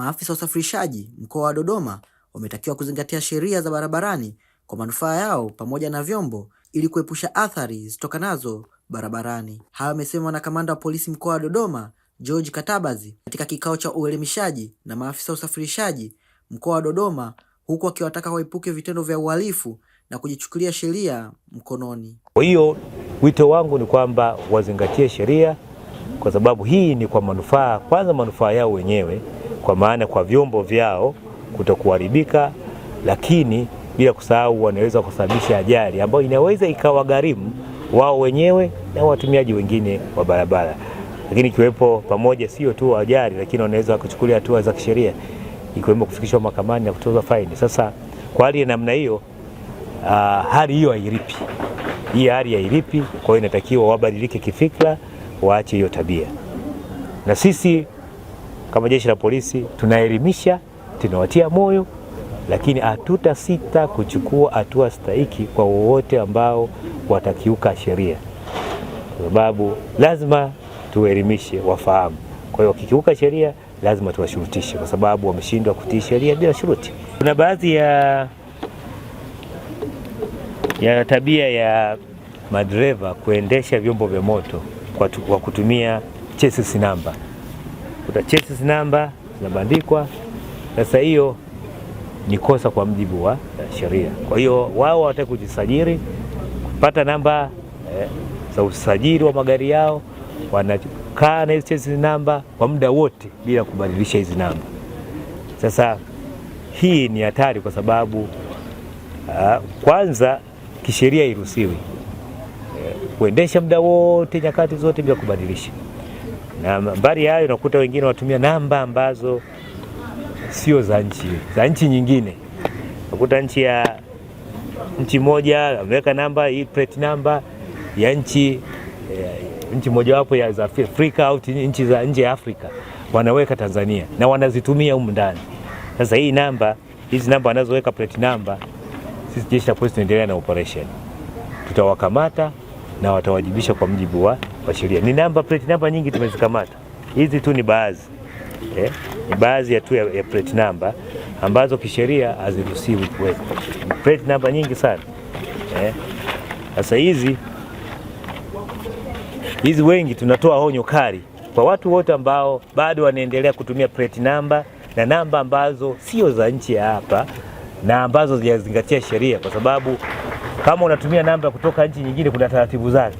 Maafisa wa usafirishaji mkoa wa Dodoma wametakiwa kuzingatia sheria za barabarani kwa manufaa yao pamoja na vyombo ili kuepusha athari zitokanazo barabarani. Hayo wamesema na kamanda wa polisi mkoa wa Dodoma George Katabazi katika kikao cha uelimishaji na maafisa wa usafirishaji mkoa wa Dodoma, huku akiwataka waepuke vitendo vya uhalifu na kujichukulia sheria mkononi. Kwa hiyo wito wangu ni kwamba wazingatie sheria, kwa sababu hii ni kwa manufaa kwanza, manufaa yao wenyewe kwa maana kwa vyombo vyao kutokuharibika, lakini bila kusahau wanaweza kusababisha ajali ambayo inaweza ikawagharimu wao wenyewe na watumiaji wengine wa barabara. Lakini ikiwepo pamoja sio tu ajali, lakini wanaweza kuchukulia hatua za kisheria ikiwemo kufikishwa mahakamani na kutozwa faini. Sasa kwa hali ya namna hiyo, ah, hali hiyo hairipi hii hali hairipi Kwa hiyo inatakiwa wabadilike kifikra, waache hiyo tabia na sisi kama jeshi la polisi tunaelimisha, tunawatia moyo, lakini hatutasita kuchukua hatua stahiki kwa wowote ambao watakiuka sheria, kwa sababu lazima tuelimishe wafahamu. Kwa hiyo wakikiuka sheria lazima tuwashurutishe, kwa sababu wameshindwa kutii sheria bila shuruti. Kuna baadhi ya, ya tabia ya madereva kuendesha vyombo vya moto kwa, kwa kutumia chesis namba kuna chassis namba zinabandikwa. Sasa hiyo ni kosa kwa mjibu wa eh, sheria. Kwa hiyo wao hawataki kujisajili, kupata namba eh, za usajili wa magari yao, wanakaa na hizi chassis namba kwa muda wote bila kubadilisha hizi namba. Sasa hii ni hatari kwa sababu uh, kwanza kisheria iruhusiwi eh, kuendesha muda wote nyakati zote bila kubadilisha na mbali hayo unakuta wengine wanatumia namba ambazo sio za nchi za nchi nyingine. Unakuta nchi ya nchi moja ameweka namba hii plate namba ya nchi ya, eh, nchi mojawapo ya za Afrika au nchi za nje ya Afrika wanaweka Tanzania na wanazitumia humu ndani. Sasa hii namba hizi namba wanazoweka plate namba, sisi jeshi la polisi tunaendelea na operation, tutawakamata na watawajibisha kwa mjibu wa wa sheria. Ni namba plate namba nyingi tumezikamata, hizi tu ni baadhi eh, ni baadhi ya tu ya, ya plate namba ambazo kisheria haziruhusiwi kuwepo. Plate namba nyingi sana eh, sasa eh, hizi hizi wengi tunatoa onyo kali kwa watu wote ambao bado wanaendelea kutumia plate namba na namba ambazo sio za nchi ya hapa na ambazo hazijazingatia sheria, kwa sababu kama unatumia namba kutoka nchi nyingine kuna taratibu zake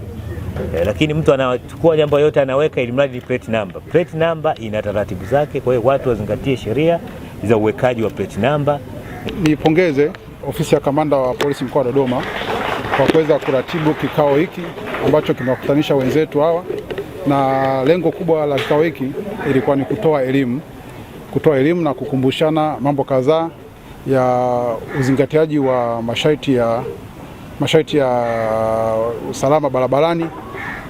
eh, lakini mtu anachukua jambo yote anaweka ili mradi plate number. Plate number ina taratibu zake, kwa hiyo watu wazingatie sheria za uwekaji wa plate number. Nipongeze ofisi ya kamanda wa polisi mkoa wa Dodoma kwa kuweza kuratibu kikao hiki ambacho kimewakutanisha wenzetu hawa, na lengo kubwa la kikao hiki ilikuwa ni kutoa elimu, kutoa elimu na kukumbushana mambo kadhaa ya uzingatiaji wa masharti ya masharti ya usalama barabarani,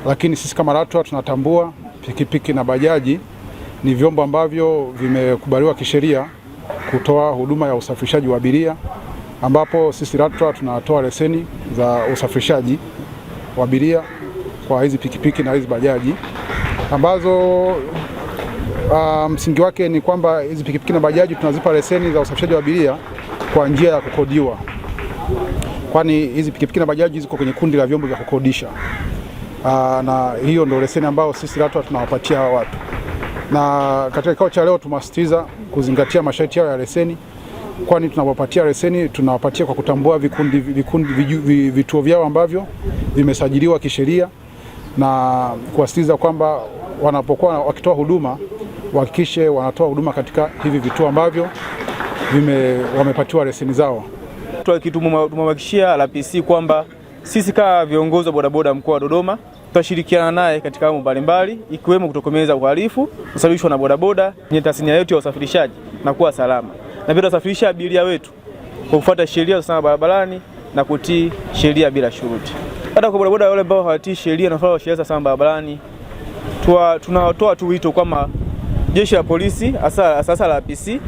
lakini sisi kama LATRA tunatambua pikipiki na bajaji ni vyombo ambavyo vimekubaliwa kisheria kutoa huduma ya usafirishaji wa abiria, ambapo sisi LATRA tunatoa leseni za usafirishaji wa abiria kwa hizi pikipiki na hizi bajaji ambazo ah, msingi wake ni kwamba hizi pikipiki na bajaji tunazipa leseni za usafirishaji wa abiria kwa njia ya kukodiwa kwani hizi pikipiki na bajaji ziko kwenye kundi la vyombo vya kukodisha. Aa, ah, na hiyo ndio leseni ambayo sisi LATRA tunawapatia hawa watu, na katika kikao cha leo tumewasitiza kuzingatia masharti yao ya leseni, kwani tunawapatia leseni tunawapatia kwa kutambua vikundi, vikundi, viju, vituo vyao ambavyo vimesajiliwa kisheria na kuwasitiza kwamba wanapokuwa wakitoa huduma wahakikishe wanatoa huduma katika hivi vituo ambavyo vime, wamepatiwa leseni zao. Tumemhakikishia RPC kwamba sisi kama viongozi wa bodaboda mkoa wa Dodoma tutashirikiana naye katika mambo mbalimbali ikiwemo kutokomeza uhalifu usababishwa na bodaboda kwenye tasnia yetu ya usafirishaji na kuwa salama, na pia tusafirisha abiria wetu kwa kufuata sheria za usalama barabarani na kutii sheria bila shuruti. Hata kwa bodaboda wale ambao hawatii sheria na kufuata sheria za usalama barabarani, tunawatoa tu wito kwamba jeshi la polisi, hasa la RPC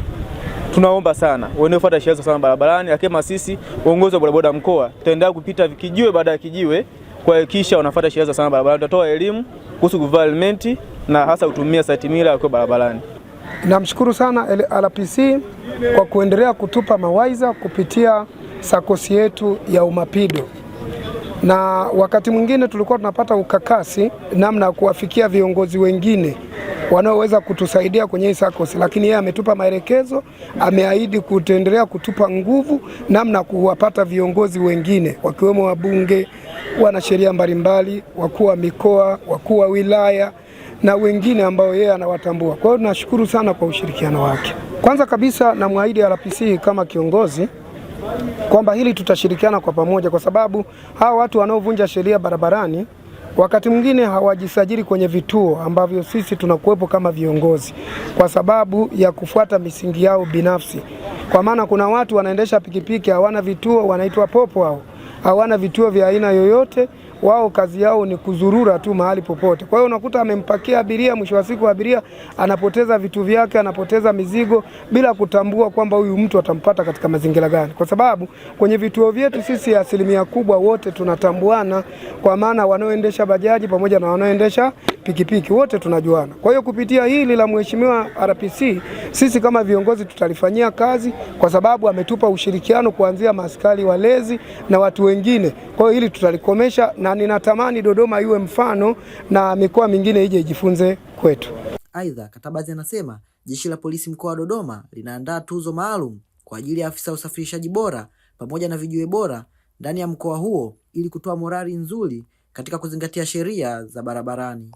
tunaomba sana wanaofuata sheria za usalama barabarani, lakini sisi uongozi wa bodaboda mkoa tutaendelea kupita kijiwe baada ya kijiwe kuhakikisha wanafuata sheria za usalama barabarani. Tutatoa elimu kuhusu kuvaa helmeti na hasa kutumia satimila wakiwa barabarani. Namshukuru sana lrpc kwa kuendelea kutupa mawaidha kupitia sakosi yetu ya Umapido, na wakati mwingine tulikuwa tunapata ukakasi namna ya kuwafikia viongozi wengine wanaoweza kutusaidia kwenye hii SACCOS, lakini yeye ametupa maelekezo, ameahidi kutendelea kutupa nguvu namna kuwapata viongozi wengine wakiwemo wabunge, wanasheria mbalimbali, wakuu wa mikoa, wakuu wa wilaya na wengine ambao yeye anawatambua. Kwa hiyo tunashukuru sana kwa ushirikiano wake. Kwanza kabisa namwahidi RPC kama kiongozi kwamba hili tutashirikiana kwa pamoja, kwa sababu hawa watu wanaovunja sheria barabarani wakati mwingine hawajisajili kwenye vituo ambavyo sisi tunakuwepo kama viongozi, kwa sababu ya kufuata misingi yao binafsi. Kwa maana kuna watu wanaendesha pikipiki hawana vituo, wanaitwa popo hao hawana vituo vya aina yoyote. Wao kazi yao ni kuzurura tu mahali popote. Kwa hiyo unakuta amempakia abiria, mwisho wa siku abiria anapoteza vitu vyake, anapoteza mizigo bila kutambua kwamba huyu mtu atampata katika mazingira gani, kwa sababu kwenye vituo vyetu sisi asilimia kubwa wote tunatambuana, kwa maana wanaoendesha bajaji pamoja na wanaoendesha pikipiki wote tunajuana. Kwa hiyo kupitia hili la mheshimiwa RPC, sisi kama viongozi tutalifanyia kazi, kwa sababu ametupa ushirikiano kuanzia maskari walezi na watu wengine. Kwa hiyo hili tutalikomesha, na ninatamani Dodoma iwe mfano na mikoa mingine ije ijifunze kwetu. Aidha, Katabazi anasema jeshi la polisi mkoa wa Dodoma linaandaa tuzo maalum kwa ajili ya afisa usafirishaji bora pamoja na vijiwe bora ndani ya mkoa huo ili kutoa morali nzuri katika kuzingatia sheria za barabarani.